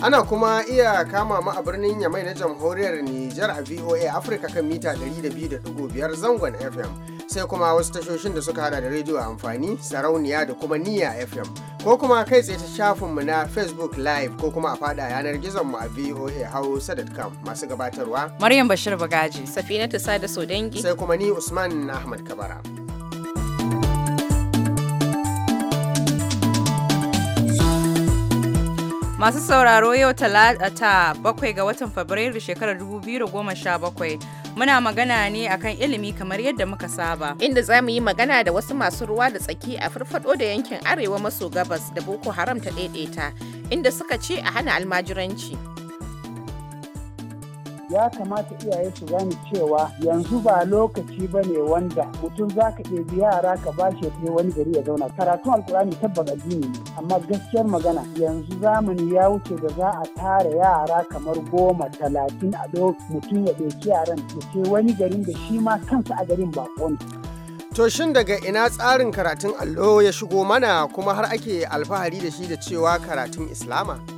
Ana kuma iya kama mu a birnin Yamai na jamhuriyar Nijar a VOA Africa kan mita 102.5 zangon FM. Sai kuma wasu tashoshin da suka hada da rediyo amfani, sarauniya da kuma niya FM. Ko kuma kai tsaye ta shafinmu na Facebook Live ko kuma a fada yanar gizon gizonmu a VOA Hausa.com masu gabatarwa. Maryam Bashir Bagaji, Safina Tusa da Sodengi. Sai kuma ni Usman Ahmad Kabara. Masu sauraro yau talata bakwai ga watan Fabrairu shekarar 2017 muna magana ne akan ilimi kamar yadda muka saba. Inda za mu yi magana da wasu masu ruwa da tsaki a farfado da yankin arewa maso gabas da Boko Haram ta ɗaiɗaita inda suka ce a hana almajiranci. ya kamata iyaye su gane cewa yanzu ba lokaci ba ne wanda mutum za ka ɗebi yara ka ba shi ya wani gari ya zauna karatun alkur'ani tabbas addini ne amma gaskiyar magana yanzu zamani ya wuce da za a tara yara kamar goma talatin a mutum ya ɗauki yaran ya ce wani garin da shi ma kansa a garin ba ne. To shin daga ina tsarin karatun allo ya shigo mana kuma har ake alfahari da shi da cewa karatun Islama?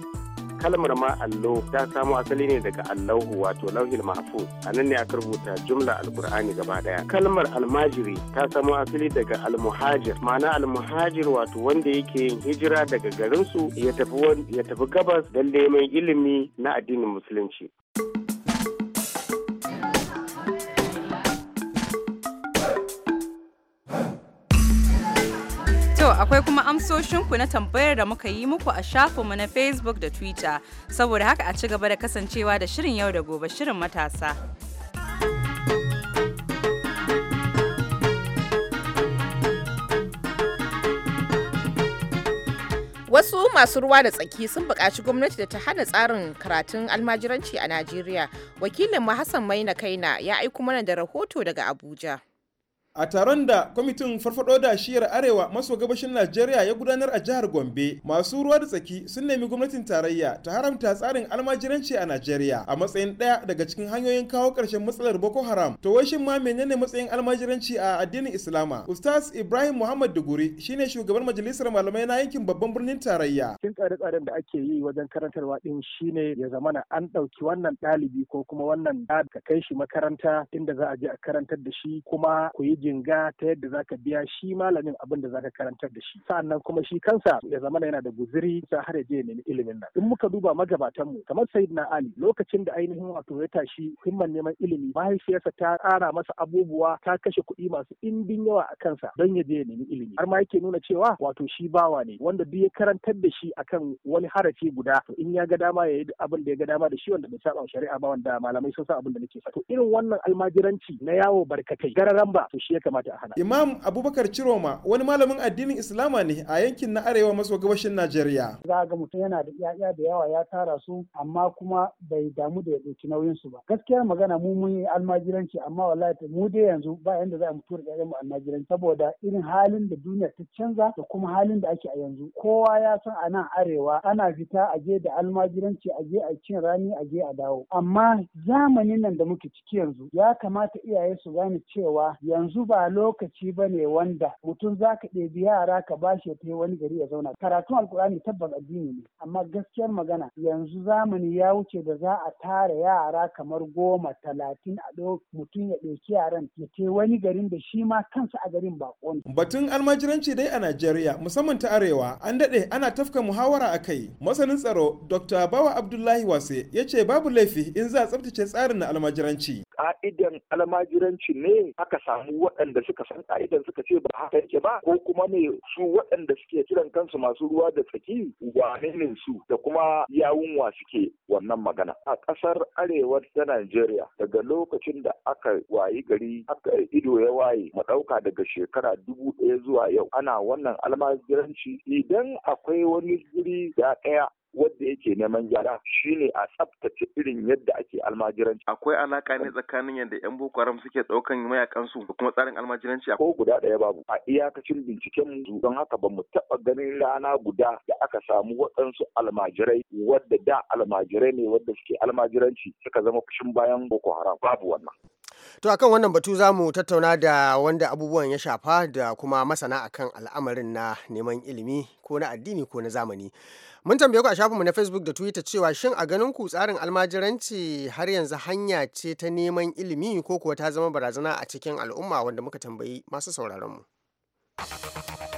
kalmar ma allo ta samo asali ne daga allahu wato lauhil mahfuz a nan ne aka rubuta jumla alkur'ani gaba daya kalmar almajiri ta samo asali daga almuhajir ma'ana almuhajir wato wanda yake yin hijira daga garinsu ya tafi gabas don neman ilimi na addinin musulunci. akwai kuma amsoshinku na tambayar da muka yi muku a shafinmu na Facebook da Twitter. Saboda haka a ci gaba da kasancewa da shirin yau da gobe shirin matasa. Wasu masu ruwa da tsaki sun buƙaci gwamnati da ta hana tsarin karatun almajiranci a Najeriya. Wakilin Hassan Maina Kaina ya aiko mana da rahoto daga Abuja. a taron da kwamitin farfado da shiyar arewa maso gabashin najeriya ya gudanar a jihar gombe masu ruwa da tsaki sun nemi gwamnatin tarayya ta haramta tsarin almajiranci a najeriya a matsayin daya daga cikin hanyoyin kawo karshen matsalar boko haram to wai shin ma menene matsayin almajiranci a addinin islama ustaz ibrahim muhammad duguri shine shugaban majalisar malamai na yankin babban birnin tarayya cikin tsare-tsaren da ake yi wajen karantarwa din shine ya zamana an ɗauki wannan ɗalibi ko kuma wannan ka kai shi makaranta inda za a je a karantar da shi kuma ku yi jinga ta yadda zaka biya shi malamin abin da zaka karantar da shi sannan kuma shi kansa ya zama yana da guziri ta har ya je ya nemi ilimin nan in muka duba magabatan mu kamar sayyidina ali lokacin da ainihin wato ya tashi himman neman ilimi mahaifiyarsa ta ƙara masa abubuwa ta kashe kuɗi masu ɗimbin yawa a kansa don ya je ya nemi ilimi har ma yake nuna cewa wato shi bawa ne wanda duk ya karantar da shi akan wani harafi guda to in ya ga dama ya yi abin da ya ga dama da shi wanda bai saba shari'a ba wanda malamai sun sa abin da nake to irin wannan almajiranci na yawo barkatai gararan ba to shi ya kamata a hana. Imam Abubakar Ciroma wani malamin addinin Islama ne a yankin na arewa maso gabashin Najeriya. Za ga mutum yana da 'ya'ya da yawa ya tara su amma kuma bai damu da ya ɗauki nauyin su ba. Gaskiyar magana mu mun yi almajiranci amma wallahi mu dai yanzu ba yanda za mu tura ƴaƴan mu almajiranci saboda irin halin da duniya ta canza da kuma halin da ake a yanzu. Kowa ya san a nan arewa ana fita a je da almajiranci a je a cin rani a je a dawo. Amma zamanin nan da muke ciki yanzu ya kamata iyaye su gane cewa yanzu zuba ba lokaci ba ne wanda mutum za ka ɗebi yara ka ba shi ta yi wani gari ya zauna karatun Alƙur'ani tabbas addini ne amma gaskiyar magana yanzu zamani ya wuce da za a tara yara kamar goma talatin a ɗau mutum ya ɗauki yaran ya ce wani garin da shi ma kansa a garin ba ne. batun almajiranci dai a najeriya musamman ta arewa an daɗe ana tafka muhawara a kai masanin tsaro dr bawa abdullahi wase ya ce babu laifi in za a tsabtace tsarin na almajiranci ka'idan almajiranci ne aka samu waɗanda suka san ka'idan suka ce ba haka yake ba ko kuma ne su waɗanda suke kiran kansu masu ruwa da tsaki wane ne su da kuma yawunwa suke wannan magana a ƙasar arewa ta Najeriya daga lokacin da aka wayi gari aka ido ya waye mu ɗauka daga shekara dubu ɗaya zuwa yau ana wannan almajiranci idan akwai wani guri da ɗaya Wanda yake neman gyara shine a tsaftace irin yadda ake almajiranci. Akwai alaka ne tsakanin yadda 'yan Boko Haram suke ɗaukan su, da kuma tsarin almajiranci? Ko guda ɗaya babu. A iyakacin binciken mu don haka ba mu taɓa ganin rana guda da aka samu waɗansu almajirai wadda da almajirai ne wadda suke almajiranci suka zama kushin bayan Boko Haram babu wannan. To akan wannan batu za mu tattauna da wanda abubuwan ya shafa da kuma masana a kan al'amarin na neman ilimi ko na addini ko na zamani. Mun tambaye ku a shafinmu na Facebook da Twitter cewa shin a ganin ku tsarin almajiranci har yanzu hanya ce ta neman ilimi ko kuwa ta zama barazana a cikin al'umma wanda muka tambayi masu sauraronmu. mu.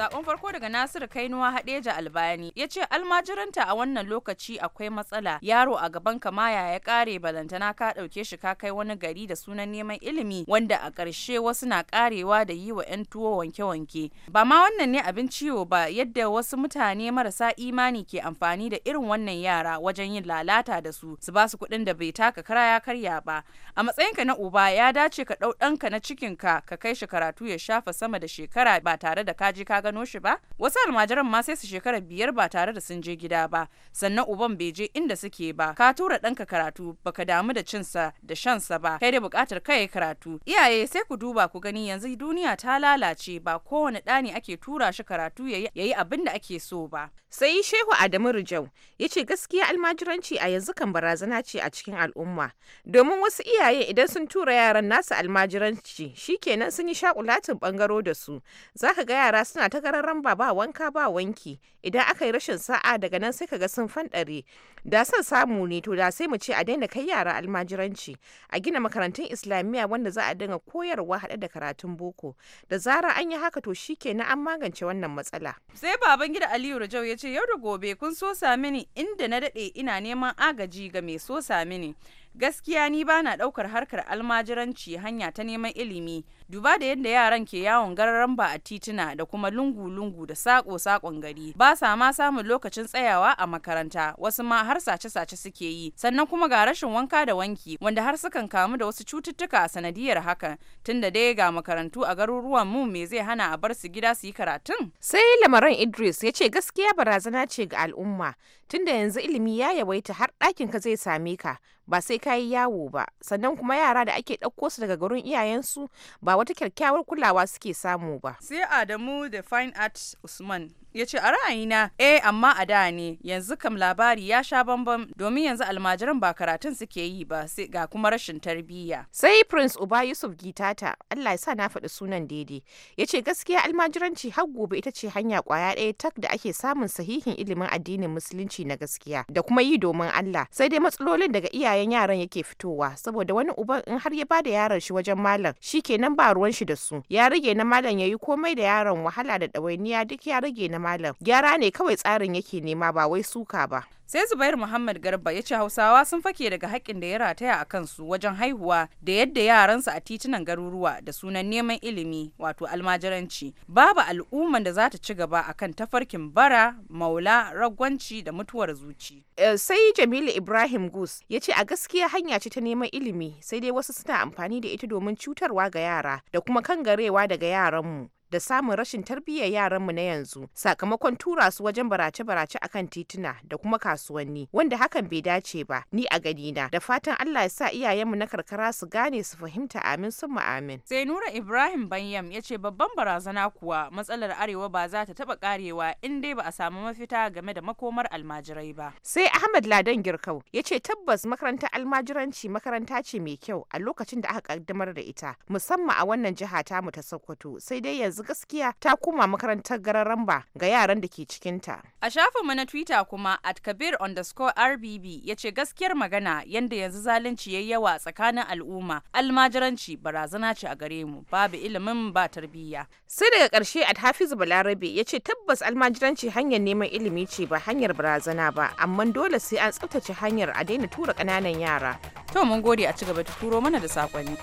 Sakon farko daga Nasiru Kainuwa Hadeja Albani ya ce almajiranta a wannan lokaci akwai matsala yaro a gaban ka kamaya ya kare balantana ka ɗauke shi ka kai wani gari da sunan neman ilimi wanda a ƙarshe wasu na karewa da yi wa 'yan tuwo wanke-wanke. Ba ma wannan ne abin ciwo ba yadda wasu mutane marasa imani ke amfani da irin wannan yara wajen yin lalata da su su ba su kuɗin da bai taka kara ya karya ba. A matsayinka na uba ya dace ka ɗau ɗanka na cikinka ka kai shi karatu ya shafa sama da shekara ba tare da kaji ka gano shi ba wasu almajiran ma sai su shekara biyar ba tare da sun je gida ba sannan uban bai je inda suke ba ka tura ɗanka karatu baka damu da cinsa da shansa ba kai dai buƙatar kai karatu iyaye sai ku duba ku gani yanzu duniya ta lalace ba kowane ɗa ake tura shi karatu ya yi abin da ake so ba sai shehu adamu rijau ya ce gaskiya almajiranci a yanzu kan barazana ce a cikin al'umma domin wasu iyaye idan sun tura yaran nasu almajiranci shi kenan sun yi shakulatin bangaro da su zaka ga yara suna ta gararan ba ba wanka ba wanki idan aka yi rashin sa'a daga nan sai ka ga sun fanɗare da san samu ne to da sai mu ce a daina kai yara almajiranci a gina makarantun islamiyya wanda za a dinga koyarwa haɗe da karatun boko da zara an yi haka to na an magance wannan matsala sai baban gida aliyu rajau ya ce yau da gobe kun sosa mini inda na daɗe ina neman agaji ga mai sosa mini gaskiya ni ba na ɗaukar harkar almajiranci hanya ta neman ilimi duba da yadda yaran ke yawon gararan ba a tituna da kuma lungu-lungu da sako-sakon gari ba sa ma samun lokacin tsayawa a makaranta wasu ma har sace-sace suke yi sannan kuma ga rashin wanka da wanki wanda har sukan kamu da wasu cututtuka a sanadiyar hakan tunda dai ga makarantu a garuruwan mu me zai hana a bar su gida su yi karatun sai lamaran idris ya ce gaskiya barazana ce ga al'umma tunda yanzu ilimi ya yawaita har ɗakin ka zai same ka ba sai ka yi yawo ba sannan kuma yara da ake ɗauko su daga garin iyayensu ba wata kyakkyawar kulawa suke samu ba sai adamu da fine arts usman ya ce a ra'ayina eh amma a da ne yanzu kam labari ya sha bambam domin yanzu almajiran ba karatun suke yi ba sai ga kuma rashin tarbiyya sai prince uba yusuf gitata allah ya sa na faɗi sunan daidai ya ce gaskiya almajiranci har gobe ita ce hanya kwaya ɗaya tak da ake samun sahihin ilimin addinin musulunci na gaskiya da kuma yi domin allah sai dai matsalolin daga iyayen yaran yake fitowa saboda wani uba in har ya ba da yaran shi wajen malam shi kenan ba ruwan shi da su ya rage na malam ya yi komai da yaron wahala da ɗawainiya duk ya rage na malam gyara ne kawai tsarin yake nema ba wai suka ba sai zubair muhammad garba ya ce hausawa sun fake daga haƙƙin da ya rataya a kansu wajen haihuwa da yadda yaransu a titunan garuruwa da sunan neman ilimi wato almajiranci babu al'umman da za ta ci gaba a kan tafarkin bara maula ragwanci da mutuwar zuci eh, sai jamilu ibrahim gus ya ce a gaskiya hanya ce ta neman ilimi sai dai wasu suna amfani da ita domin cutarwa ga yara da kuma kangarewa daga yaranmu da samun rashin tarbiyyar yaranmu na yanzu sakamakon tura su wajen barace-barace akan tituna da kuma kasuwanni wanda hakan bai dace ba ni a gani na da fatan Allah ya sa iyayenmu na karkara su gane su fahimta amin sun amin. Sai Nura Ibrahim Banyam ya ce babban barazana kuwa matsalar arewa ba za ta taba karewa in dai ba a samu mafita game da makomar almajirai ba. Sai Ahmad Ladan Girkau yace tabbas makarantar almajiranci makaranta ce mai kyau a lokacin da aka kaddamar da ita musamman a wannan jiha ta mu ta Sokoto sai dai yanzu yanzu gaskiya ta kuma makarantar gararamba ga yaran da ke cikinta. A shafinmu na Twitter kuma at Kabir underscore RBB ya ce gaskiyar magana yanda yanzu zalunci ya yawa tsakanin al'umma almajiranci barazana ce a gare mu babu ilimin ba tarbiyya. Sai daga ƙarshe at Hafizu Balarabe ya ce tabbas almajiranci hanyar neman ilimi ce ba hanyar barazana ba amma dole sai an tsabtace hanyar a daina tura ƙananan yara. To mun gode a ci gaba da turo mana da sakonni.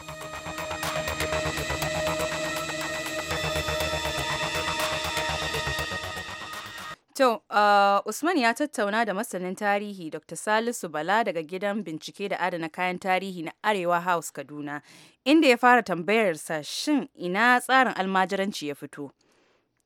To, uh, Usman ya tattauna da masanin tarihi Dr. Salisu Bala daga gidan bincike da adana kayan tarihi na Arewa House Kaduna, inda ya fara tambayarsa shin ina tsarin almajiranci ya fito.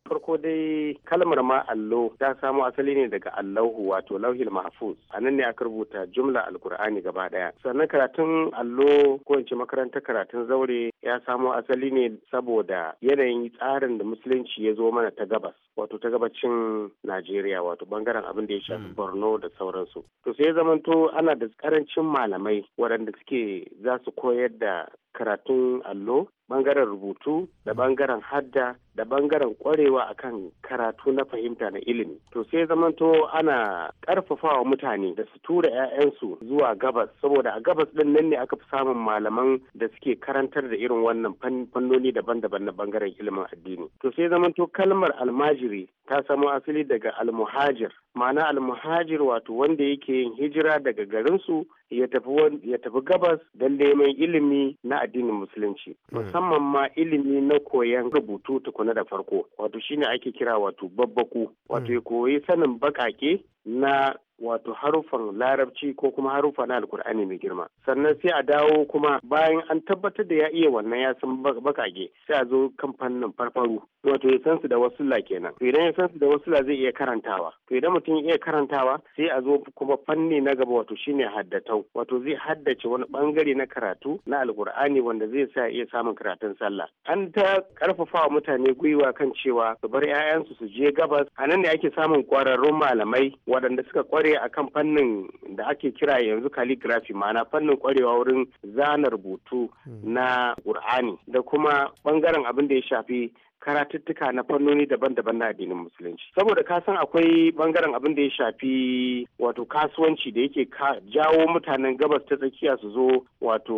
farko dai kalmar ma allo ta samo asali ne daga allahu wato lauhil mahfuz a nan ne aka rubuta jumla alkur'ani gaba daya sannan karatun allo ko in ce makaranta karatun zaure ya samo asali ne saboda yanayin tsarin da musulunci ya zo mana ta gabas wato ta gabacin najeriya wato bangaren abin da ya shafi hmm. borno da sauransu to sai ya zamanto ana da karancin malamai waɗanda suke za su koyar da karatun allo bangaren rubutu da bangaren hadda da bangaren kwarewa kan karatu na fahimta na ilimi to sai zamanto ana karfafawa mutane da su tura 'ya'yansu zuwa gabas saboda a gabas ɗin nan ne aka fi samun malaman da suke karantar da irin wannan fannoni daban-daban na bangaren ilimin addini to sai zamanto kalmar almajiri ta samo asali daga almuhajir ma'ana almuhajir wato wanda yake yin hijira daga garinsu ya tafi gabas don neman ilimi na addinin musulunci hmm. musamman ma ilimi na koyon rubutu tukuna da farko wato shine ake kira wato babbaku wato ya koyi sanin bakake na wato haruffan larabci ko kuma haruffa na alkur'ani mai girma sannan sai a dawo kuma bayan an tabbatar da ya iya wannan ya san bakage sai a zo kan fannin farfaru wato ya san su da wasula kenan to idan ya san su da wasula zai iya karantawa to idan mutum ya iya karantawa sai a zo kuma fanni na gaba wato shine haddatau wato zai haddace wani bangare na karatu na alkur'ani wanda zai sa iya samun karatun sallah an ta karfafa wa mutane gwiwa kan cewa su bar 'ya'yansu su je gabas a nan ne ake samun kwararrun malamai waɗanda suka kware a kan fannin da ake kira yanzu calligraphy ma'ana fannin kwarewa wurin zana rubutu hmm. na ƙur'ani da kuma ɓangaren abin da ya shafi karatuttuka na fannoni daban-daban na addinin musulunci saboda ka san akwai bangaren abin da ya shafi wato kasuwanci da yake jawo mutanen gabas ta tsakiya su zo wato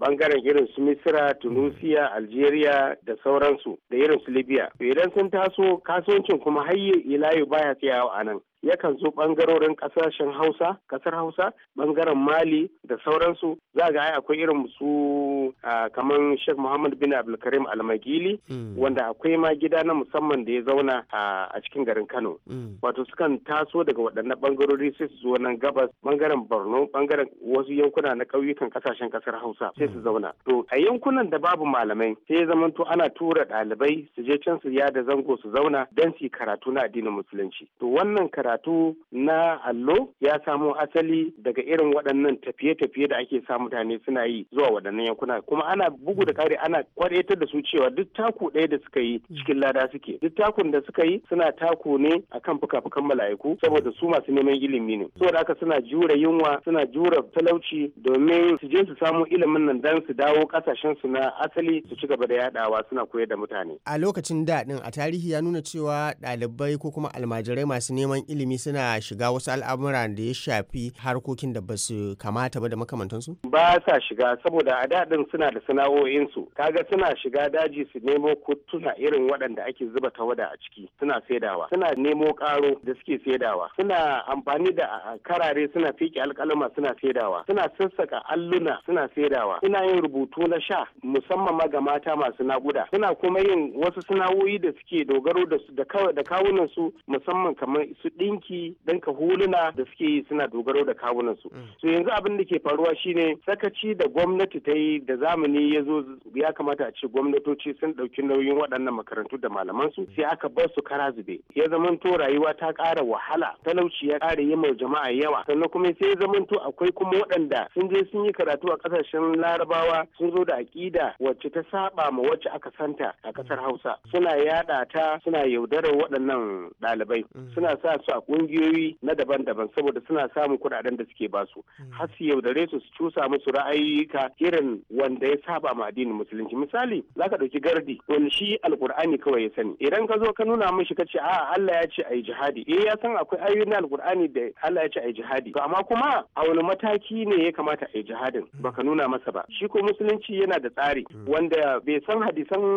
ɓangaren irin su misira hmm. tunisia algeria da sauransu da irin su libya idan sun taso kasuwancin kuma har layu baya tsayawa a nan yakan zo bangarorin kasashen hausa kasar hausa bangaren mali da sauransu za ga ai akwai irin su kamar sheikh muhammad bin abdulkarim almagili hmm. wanda akwai ma gida na musamman da ya zauna a cikin garin kano hmm. wato sukan taso daga waɗannan bangarori sai su zo nan gabas bangaren borno bangaren wasu yankuna na ƙauyukan kasashen kasar hausa sai su hmm. zauna to a yankunan da babu malamai sai ya zamanto ana tura ɗalibai su je can su yada zango su zauna don su karatu na addinin musulunci to wannan karatu karatu na allo ya samo asali daga irin waɗannan tafiye-tafiye da ake sa mutane suna yi zuwa waɗannan yankuna kuma ana bugu da ƙari ana kwaretar da su cewa duk taku ɗaya da suka yi cikin lada suke duk takun da suka yi suna taku ne akan fuka-fukan mala'iku saboda su masu neman ilimi ne saboda haka suna jure yunwa suna jure talauci domin su je su samu ilimin nan dan su dawo kasashen su na asali su ci gaba da yadawa suna koyar da mutane a lokacin da a tarihi ya nuna cewa ɗalibai ko kuma almajirai masu neman ilimi ilimi suna shiga wasu al'amuran da ya shafi harkokin da ba su kamata ba da makamantansu? Ba sa shiga saboda a daɗin suna da sana'o'insu. Kaga suna shiga daji su nemo kutuna irin waɗanda ake zuba tawada a ciki suna saidawa. Suna nemo ƙaro da suke saidawa. Suna amfani da karare suna fiƙe alƙalama suna saidawa. Suna sassaka alluna suna saidawa. Suna yin rubutu na sha musamman ma ga mata masu naƙuda. Suna kuma yin wasu sana'o'i da suke dogaro da da kawunan su musamman kamar su ɗi ɗinki ka huluna da suke yi suna dogaro da kawunan su mm. so yanzu abin da ke faruwa shine sakaci da gwamnati ta yi da zamani ya zo ya kamata a ce gwamnatoci sun ɗauki nauyin waɗannan makarantu da malaman su sai aka bar su kara zube ya zamanto rayuwa ta ƙara wahala talauci ya ƙara yi ma jama'a yawa sannan kuma sai ya zamanto akwai kuma waɗanda sun je sun yi karatu a ƙasashen larabawa sun zo da aƙida wacce ta saba ma wacce aka santa a ƙasar mm. hausa suna yaɗa ta suna yaudarar waɗannan ɗalibai mm. suna sa su a kungiyoyi na daban-daban saboda suna samun kudaden da suke basu hmm. har su yaudare su su cusa musu ra'ayoyika irin wanda ya saba ma addinin musulunci misali za ka ɗauki gardi wani shi alkur'ani kawai ya sani idan ka zo ka nuna mishi ka ce a'a Allah ya ce ayi jihadi eh ya san akwai ayoyin alkur'ani da Allah ya ce ayi jihadi to amma kuma a wani mataki ne ya kamata a yi jihadin hmm. baka nuna masa ba shi ko musulunci yana da tsari hmm. wanda bai san hadisan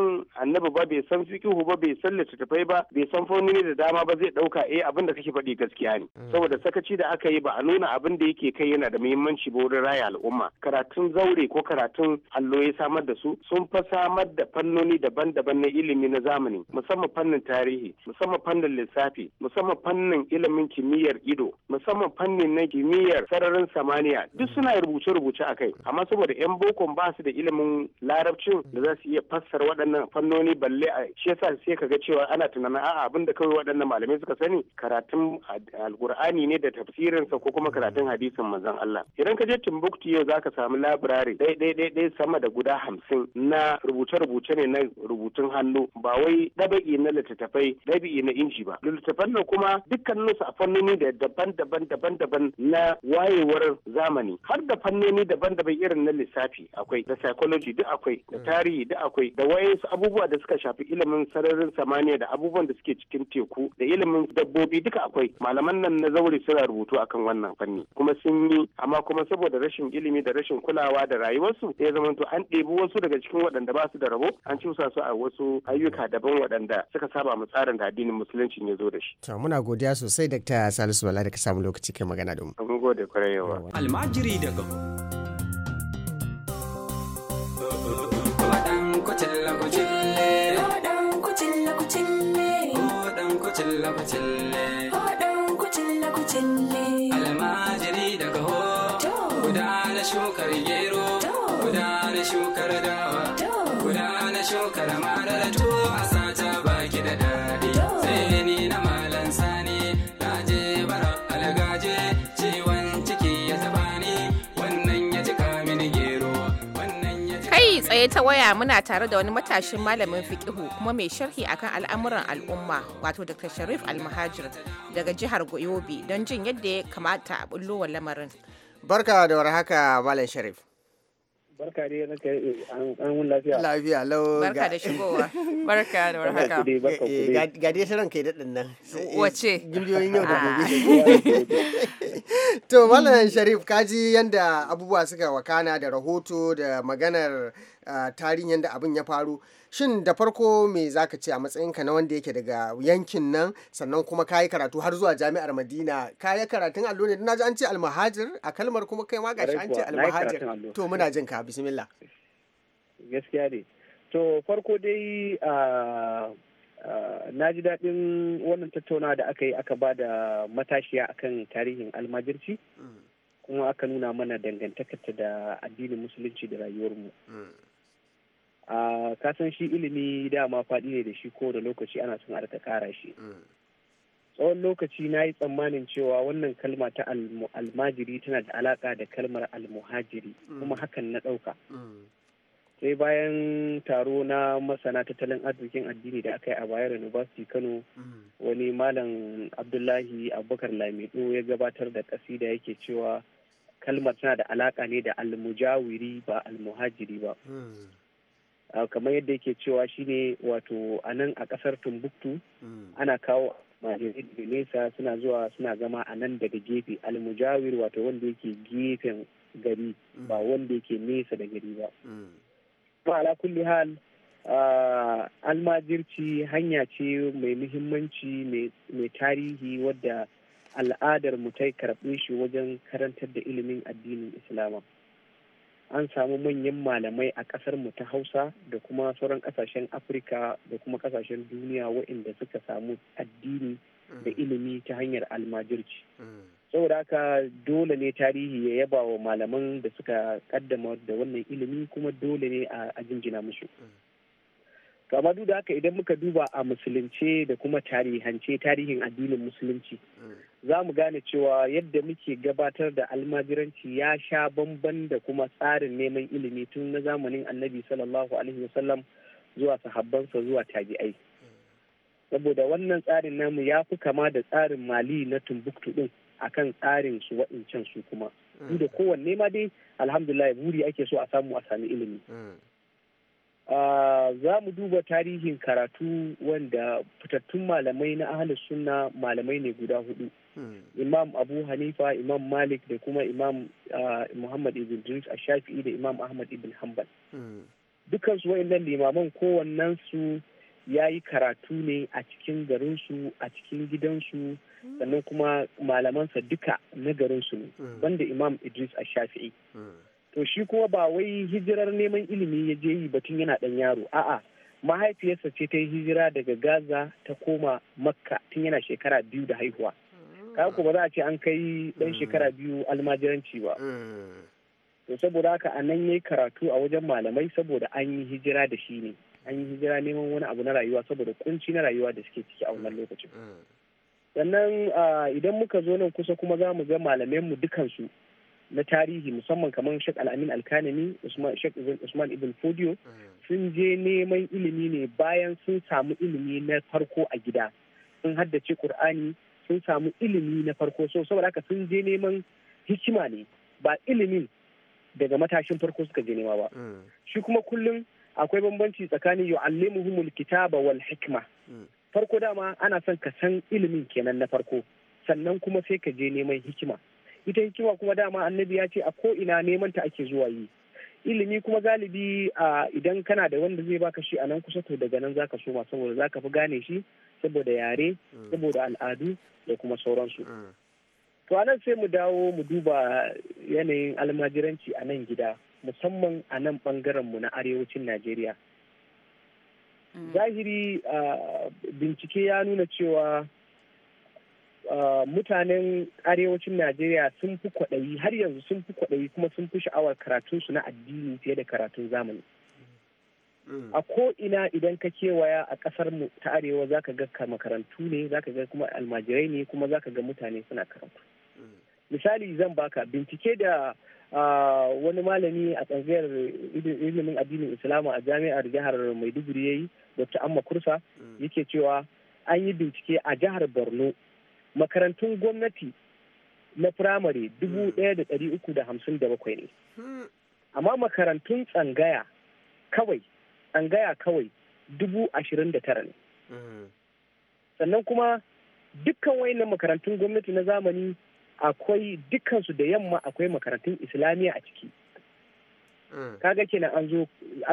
annabi ba bai san fiqhu ba bai san littattafai ba bai san fannoni da dama ba zai ɗauka eh abin da kake faɗi gaskiya ne mm. saboda sakaci da aka yi ba a nuna abin da yake kai yana da muhimmanci ba wurin raya al'umma karatun zaure ko karatun allo ya samar da su sun fa samar da fannoni daban-daban na ilimi na zamani musamman fannin tarihi musamman fannin lissafi musamman fannin ilimin kimiyyar ido musamman fannin na kimiyyar sararin samaniya duk mm. suna rubuce-rubuce a kai amma saboda 'yan boko ba su da ilimin larabcin da za su iya fassara waɗannan fannoni balle a shi yasa sai ka ga cewa ana tunanin a'a abin da kawai waɗannan malamai suka sani karatun karatun alkur'ani ne da tafsirinsa ko kuma karatun hadisin manzon Allah idan ka je Timbuktu yau zaka samu labirare dai dai dai dai sama da guda hamsin na rubuce-rubuce ne na rubutun hannu ba wai dabi'i na littattafai dabi'i na inji ba littattafan nan kuma su a fannoni da daban-daban daban-daban na wayewar zamani har da fannoni daban-daban irin na lissafi akwai da psychology duk akwai da mm. tarihi duk akwai da wayansu abubuwa da suka shafi ilimin sararin samaniya da abubuwan da suke cikin teku da ilimin dabbobi duka akwai malaman nan na zauri suna rubutu akan wannan fanni kuma sun yi amma kuma saboda rashin ilimi da rashin kulawa da rayuwarsu ya zama an ɗebi wasu daga cikin waɗanda ba su da rabo an cusa su a wasu ayyuka daban waɗanda suka saba mu tsarin da addinin musulunci ya zo da shi. To muna godiya sosai Dr. Salisu Bala da ka samu lokaci kai magana da mu. Mun gode kwarai yawa. Almajiri daga. ta waya muna tare da wani matashin malamin fikihu kuma mai sharhi akan al'amuran al'umma wato Dr. Sharif Almahajir daga jihar Yobe don jin yadda ya kamata a bullo lamarin. Barka da warhaka Malam Sharif. barka da yana kai an wun lafiya lafiya lau barka da shigowa barka da warhaka ga dai shirin kai da dinnan wace gimbiyoyin yau da ah. gobe to malam sharif kaji yanda abubuwa suka wakana da rahoto da maganar tarihin yadda abin ya faru shin da farko me zaka ce a matsayinka na wanda yake daga yankin nan sannan kuma kayi karatu har zuwa jami'ar madina kayi karatun allo ne na ji an ce almahajir a kalmar kuma kai ma gashi an ce almahajir to muna jin ka bismillah gaskiya ne to farko dai na ji daɗin wannan tattauna da aka yi aka ba da matashiya akan tarihin almajirci mm. kuma aka nuna mana dangantakarta da addinin musulunci da rayuwarmu mm. ka san shi ilimi dama faɗi ne da shi ko da lokaci ana son ta kara shi tsawon lokaci na yi tsammanin cewa wannan kalma ta almajiri tana da alaƙa da kalmar almuhajiri kuma hakan na ɗauka sai bayan taro na masana tattalin arzikin addini da aka yi a bayar university kano wani malam abdullahi abubakar lamido ya gabatar da da yake cewa kalmar tana da alaka ne da almujawiri ba almuhajiri ba kamar yadda yake cewa shine wato a nan a kasar tumbuktu mm. ana kawo majalisar nesa suna zuwa suna zama a nan daga gefe almujawir wato wanda yake gefen gari mm. ba wanda yake nesa da gari ba mm. ala kulli hal almajirci hanya ce mai muhimmanci mai tarihi wadda al'adar mu ta karɓe shi wajen karantar da ilimin addinin islama. an samu manyan malamai a ƙasar mu ta hausa da kuma sauran kasashen afirka da kuma kasashen duniya waɗanda suka samu addini da mm. ilimi ta hanyar almajirci mm. saboda haka dole ne tarihi ya yaba wa malaman da suka kaddama da wannan ilimi kuma dole ne a jinjina musu mm. amma duk da haka idan muka duba a musulunce da kuma tarihance tarihin addinin musulunci za mu gane cewa yadda muke gabatar da almajiranci ya sha bamban da kuma tsarin neman ilimi tun na zamanin annabi sallallahu alaihi wasallam zuwa sahabbansa zuwa tabi'ai saboda wannan tsarin namu ya fi kama da tsarin mali na tumbuktu din akan tsarin su wa'incan su kuma duk kowanne ma dai alhamdulillah buri ake so a samu a sami ilimi hmm. ah, za mu duba tarihin karatu wanda fitattun malamai na ahalus sunna malamai ne guda hudu Hmm. imam abu hanifa imam malik da kuma imam ah, muhammad ibn idris a shafi'i da imam ahmad ibn hanbal hmm. dukansu wa'annan limaman kowannen su ya yi karatu ne a cikin garinsu a cikin gidansu hmm. sannan kuma malamansa duka na garinsu ne banda imam idris a shafi'i to shi kuma ba wai hijirar neman ilimi ya je yi batun yana ɗan yaro a'a mahaifiyarsa ce ta yi hijira daga gaza ta koma makka tun yana shekara biyu da haihuwa kaku ba za a ce an kai dan shekara biyu almajiranci ba to saboda haka a nan yayi karatu a wajen malamai saboda an yi hijira da shi ne an yi hijira neman wani abu na rayuwa saboda kunci na rayuwa da suke ciki a wannan lokacin sannan idan muka zo nan kusa kuma za mu ga mu dukansu na tarihi musamman kamar Sheikh Al-Amin al kanani Sheikh Usman Ibn fudio sun je neman ilimi ne bayan sun samu ilimi na farko a gida sun haddace Qur'ani sun samu ilimi na farko so saboda haka sun je neman hikima ne ba ilimi daga matashin farko suka je nema ba mm. shi kuma kullum akwai bambanci tsakanin yu'allimuhumul kitaba wal hikma mm. farko dama ana son ka san ilimin kenan na farko sannan kuma sai ka je neman hikima ita hikima kuma dama annabi ya ce a ko ina neman ta ake zuwa yi ilimi kuma galibi a idan kana da wanda zai baka shi a nan kusa to daga nan zaka soma saboda zaka fi gane shi saboda yare mm. saboda al'adu da kuma sauransu mm. to anan sai mu dawo mu duba yanayin almajiranci a nan gida musamman a nan mu na arewacin najeriya mm. zahiri bincike ya nuna cewa mutanen arewacin najeriya sun fi kwaɗayi har yanzu sun fi kwaɗayi kuma sun fi sha'awar karatunsu na addini fiye da karatun zamani a ko ina idan ka kewaya a kasar mu ta arewa zaka ga makarantu ne ka ga kuma almajirai ne kuma zaka ga mutane suna karatu misali zan baka bincike da wani malami a tsangayar ilimin addinin islamu a jami'ar jihar maiduguri ya yi dr amma kursa yake cewa an yi bincike a jihar borno makarantun gwamnati na firamare dubu ɗaya da ɗari uku da hamsin da bakwai ne amma makarantun tsangaya kawai tsangaya kawai dubu ashirin da tara ne mm-hmm. sannan kuma dukkan wayannan makarantun gwamnati na zamani akwai dukkansu da yamma akwai makarantun islamiyya a ciki mm. kaga kenan an zo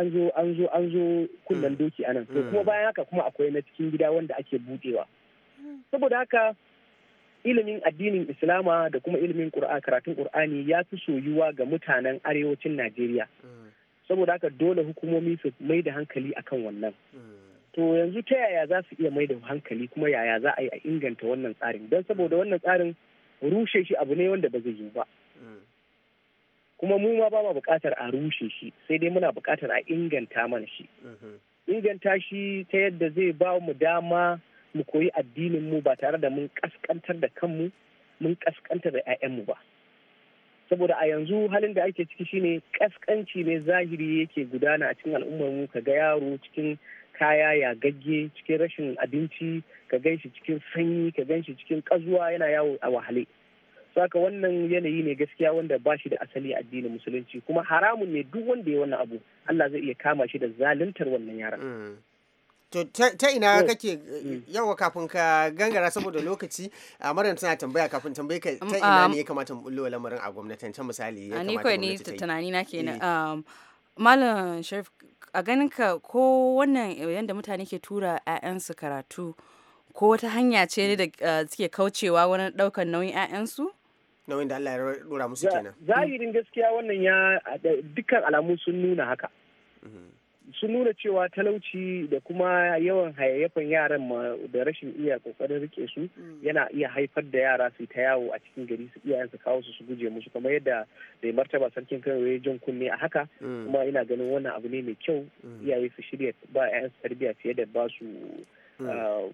an zo an zo an zo kunnen mm. doki anan to kuma mm. bayan haka kuma akwai na cikin gida wanda ake budewa saboda haka ilimin addinin islama da kuma ilimin karatun qur'ani ya fi soyuwa ga mutanen arewacin najeriya saboda haka dole hukumomi su mai da hankali akan wannan hmm. to yanzu ta yaya za su iya mai da hankali kuma yaya za a yi a inganta wannan tsarin don saboda hmm. wannan tsarin rushe shi abu ne wanda ba zai yi ba hmm. kuma mu ma ba ma buƙatar a rushe shi sai dai muna bukatar a inganta mana shi inganta shi ta yadda zai ba mu dama mu koyi addinin mu ba tare da mun kaskantar da kanmu mun kaskantar da 'ya'yanmu ba saboda a yanzu halin da ake ciki shine kaskanci ne zahiri yake gudana a cikin al'ummar mu ga yaro cikin kaya ya gagge cikin rashin abinci ka gan cikin sanyi ka ganshi cikin kazuwa yana yawo a wahale saka wannan yanayi ne gaskiya wanda ba shi da asali addinin musulunci kuma haramun ne duk wanda ya wannan abu Allah zai iya kama shi da zaluntar wannan yaran mm. To ta ina mm. kake mm. yawa kafin ka gangara saboda lokaci a maran tana tambaya kafin tambaye ka um, ta ina um, ne ya kamata mu bullo lamarin a gwamnatin ta misali ya ah, kamata gwamnati ta yi. tunani na kenan. Eh. Um, Malam Sharif a ganin ka ko wannan eh, yadda mutane ke tura su karatu ko wata hanya ce mm. da eh, suke kaucewa wani daukan nauyin su. Nauyin da Allah ya rura musu kenan. Zahirin gaskiya wannan ya dukkan alamu sun nuna haka. Mm-hmm. sun nuna cewa talauci da kuma yawan hayayyafan yaran da rashin iya kokarin rike su mm. yana iya haifar da yara su ta yawo a cikin gari su iyayensu kawo su su guje musu kamar yadda da martaba sarkin kan ya jan kunne a haka mm. kuma ina ganin wannan abu ne mai kyau mm. iyaye su shirya ba 'ya'yansu tarbiyya fiye da ba su Hmm.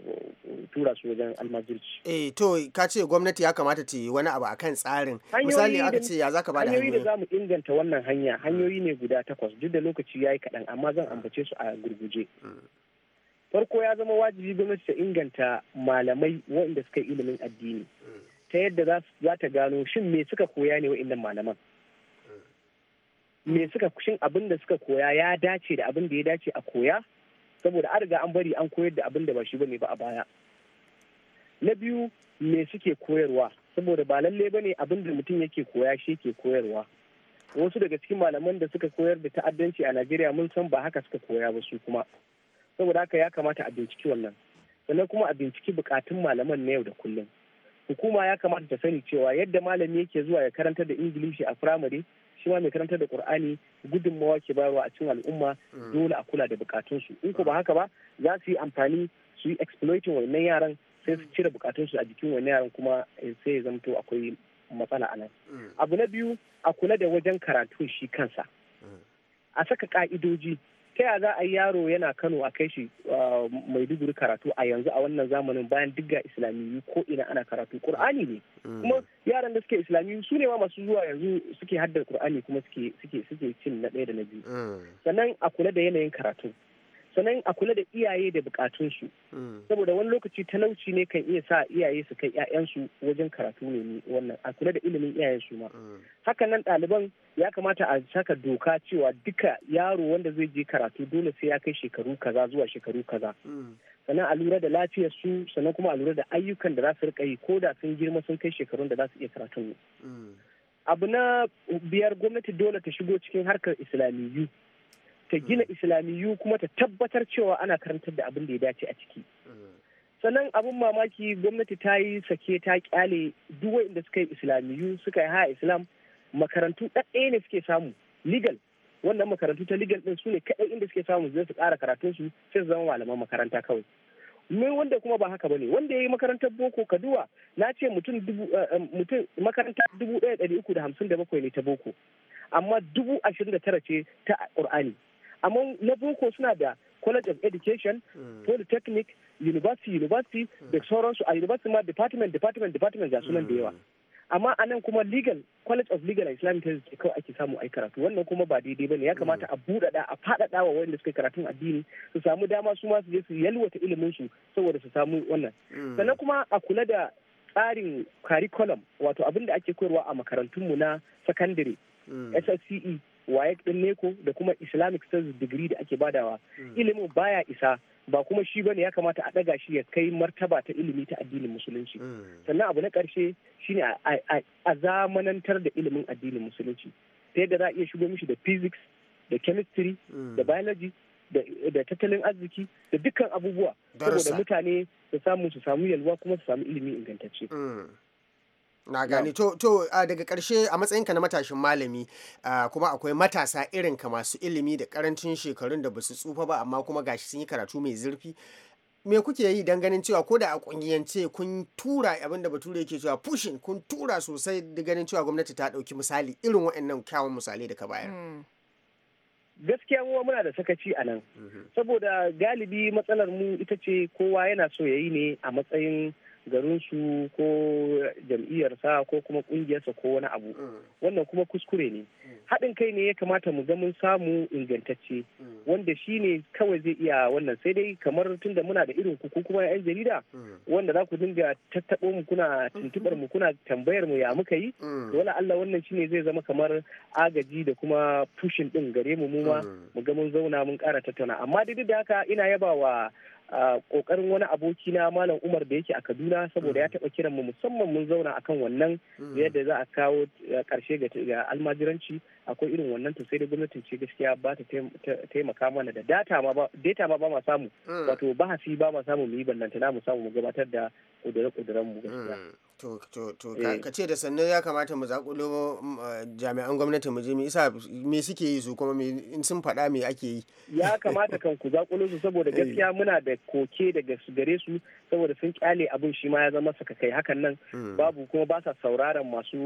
tura su wajen almajirci. Eh to ka ce gwamnati ya kamata ta yi wani abu akan tsarin. Misali aka ce ya zaka bada hanyoyi. Hanyoyi da za mu inganta wannan hanya hanyoyi ne guda takwas duk da lokaci ya yi kaɗan amma zan ambace su a gurguje. Hmm. Farko ya zama wajibi gwamnati ta inganta malamai waɗanda suka yi ilimin addini. Hmm. Ta yadda za ta gano shin me suka koya ne waɗannan malaman. Me suka shin abin da suka koya ya dace da abin da ya dace a koya saboda an riga an bari an koyar da abin da ba shi bane ba a baya na biyu me suke koyarwa saboda ba lalle bane abin da mutum yake koya shi ke koyarwa wasu daga cikin malaman da suka koyar da ta'addanci a Najeriya mun san ba haka suka koya ba su kuma saboda haka ya kamata a binciki wannan sannan kuma a binciki bukatun malaman na yau da kullum hukuma ya kamata ta sani cewa yadda malami yake zuwa ya karanta da ingilishi a firamare shi ma mai karantar da qur'ani gudunmawa ke bayarwa a cikin al'umma mm. dole a kula da bukatunsu in ko ba mm. haka ba za su yi amfani su yi exploiting wannan yaran sai su mm. cire bukatunsu a jikin wannan yaran kuma eh, sai ya zamto akwai matsala a nan abu na biyu a kula da wajen karatun shi kansa a saka ka'idoji ta yaya za a yi yaro yana kano a kai shi maiduguri karatu a yanzu a wannan zamanin bayan duk ga islamiyu ko ina ana karatu qur'ani ne mm. kuma yaran da suke islamiyu su ne ma masu zuwa yanzu suke haddar qur'ani kuma suke suke cin na ɗaya da na biyu mm. sannan a kula da yanayin karatu sannan a kula da iyaye da bukatunsu hmm. saboda wani lokaci talauci ne kan iya sa iyaye su kai 'ya'yansu wajen karatu ne wannan a kula da ilimin su ma hmm. hakan nan ɗaliban ya kamata a saka doka cewa duka yaro wanda zai je karatu dole sai ya kai shekaru kaza zuwa shekaru kaza hmm. sannan a lura da lafiyar su sannan kuma a lura da ayyukan da za su rika yi ko da sun girma sun kai shekarun da za su iya karatun abu na biyar gwamnati dole ta shigo cikin harkar islamiyu ta gina islamiyu kuma ta tabbatar cewa ana karantar da abin da ya dace a ciki sannan abin mamaki gwamnati ta yi sake ta kyale duk inda suka yi islamiyu suka yi haya islam makarantu ɗaɗɗaya ne suke samu legal wannan makarantu ta legal ɗin su ne kaɗai inda suke samu zai su ƙara karatun su sai su zama malaman makaranta kawai me wanda kuma ba haka bane wanda ya yi makarantar boko kaduwa na ce mutum eh, eh, makarantar dubu ɗaya ɗari uku da hamsin da bakwai ne ta boko amma dubu ashirin da tara ce ta ƙur'ani amma na boko suna da college of education hmm. polytechnic university university hmm. da sauransu a university ma department department department da sunan da yawa hmm. amma a nan kuma legal college of legal islamic studies kawai ake samu ai karatu wannan kuma ba daidai bane ya kamata a buɗaɗa a faɗaɗa wa wanda suka karatun addini su samu dama su ma su je su yalwata ilimin su saboda su samu wannan sannan kuma a kula da tsarin curriculum wato abin da ake koyarwa a makarantunmu na secondary SSCE Waye din neko da kuma islamic studies degree da ake badawa hmm. ilimin baya isa ba kuma shi bane ya kamata a daga shi ya kai martaba ta ilimi ta addinin musulunci hmm. sannan abu na karshe shine a zamanantar da ilimin addinin musulunci ta yadda za a iya shigo mishi da physics da chemistry hmm. da biology da tattalin arziki da dukkan abubuwa saboda mutane su samu su samu yalwa kuma su samu ilimi ingantacce na gani to to daga karshe a matsayinka na matashin malami kuma akwai matasa irin ka masu ilimi da karancin shekarun da basu tsufa ba amma kuma gashi sun yi karatu mai zurfi me kuke yi don ganin cewa ko da a kungiyance kun tura abin da bature yake cewa pushing kun tura sosai da ganin cewa gwamnati ta dauki misali irin waɗannan kyawun misali da ka bayar hmm. gaskiya mu muna da sakaci a nan mm-hmm. saboda galibi matsalar mu ita ce kowa yana so ya ne a matsayin garinsu ko jam'iyyarsa ko kuma kungiyarsa ko wani abu mm. wannan kuma kuskure ne mm. haɗin kai ne ya kamata mu ga mun samu ingantacce mm. wanda shi ne kawai zai iya wannan sai dai kamar tunda muna da irin ku kuma yan jarida wanda za ku dinga tattaɓo mu kuna tuntuɓar mu kuna tambayar mu ya muka yi to wala Allah wannan shi ne zai zama kamar agaji da kuma pushin ɗin gare mu mu ma mu ga mun zauna mun ƙara tattauna amma duk da haka ina yaba wa kokarin wani aboki na malam umar da yake a kaduna saboda ya taba kiran mu musamman mun zauna akan wannan hmm. yadda za a kawo karshe eh, ga almajiranci akwai irin wannan to sai da gwamnatin ce gaskiya ba ta taimaka mana da data ma data ma ba ma samu mm. wato bahasi ba ma samu mu yi ballantana mu samu mu gabatar da kudure-kuduren mu mm. to to to ka eh. ce da sannan ya kamata mu zakulo mm, jami'an gwamnati mu je mu isa me suke yi su kuma me in sun faɗa me ake yi ya kamata kan ku zakulo su saboda eh. gaskiya muna da koke daga gare su saboda sun kyale abin shi ma ya zama saka kai hakan nan babu kuma ba sa sauraron masu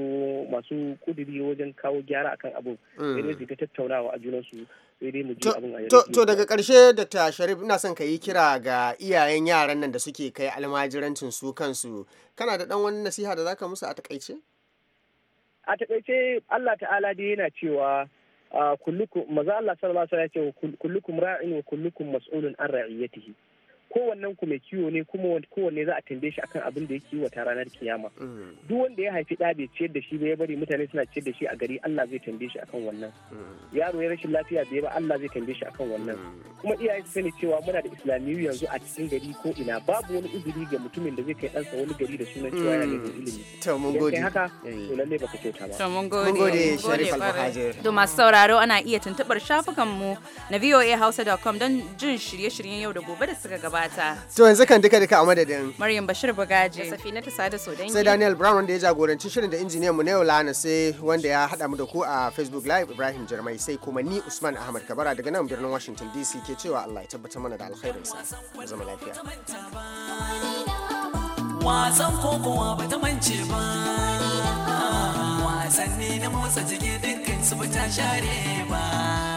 masu kuduri wajen kawo gyara akan abin eh. sai dai su ta tattaunawa a junansu sai dai mu ji abin a yanzu to daga karshe Dr. Sharif ina son ka yi kira ga iyayen yaran nan da suke kai almajirancin su kansu kana da dan wani nasiha da zaka musu a takaice a takaice Allah ta'ala dai yana cewa ah, kullukum maza Allah sallallahu alaihi wasallam ya ce kullukum ra'in wa kullukum mas'ulun an ra'iyatihi kowannen ku mai kiwo ne kuma kowanne za a tambaye shi akan abin da yake yi ta ranar kiyama mm. duk wanda ya haifi ɗa bai ciyar da shi ba ya bari mutane suna ciyar da shi a gari Allah zai tambaye shi akan wannan mm. yaro ya rashin lafiya bai ba Allah zai tambaye shi akan wannan mm. kuma iyaye su sani cewa muna da islamiyu yanzu a cikin gari ko ina babu wani uzuri ga mutumin da zai kai ɗansa wani gari da sunan cewa yana da ilimi to mun gode haka to eh. lalle baka kyauta ba to mun gode mun gode Sharif masu sauraro ana iya tuntubar shafukan mu na voahausa.com don jin shirye-shiryen yau da gobe da suka gaba gabata. To yanzu kan duka duka a madadin. Maryam Bashir Bugaji. Da Safina ta sada Sodangi. Sai Daniel Brown wanda ya jagoranci shirin da injiniyan mu na yau Lana sai wanda ya hada mu da ku a Facebook Live Ibrahim Jarmai sai kuma ni Usman Ahmad Kabara daga nan birnin Washington DC ke cewa Allah ya tabbatar mana da alkhairin sa. zama lafiya. Wasan kokowa ba ta mance ba. Wasanni na motsa jiki dukkan su ba ta share ba.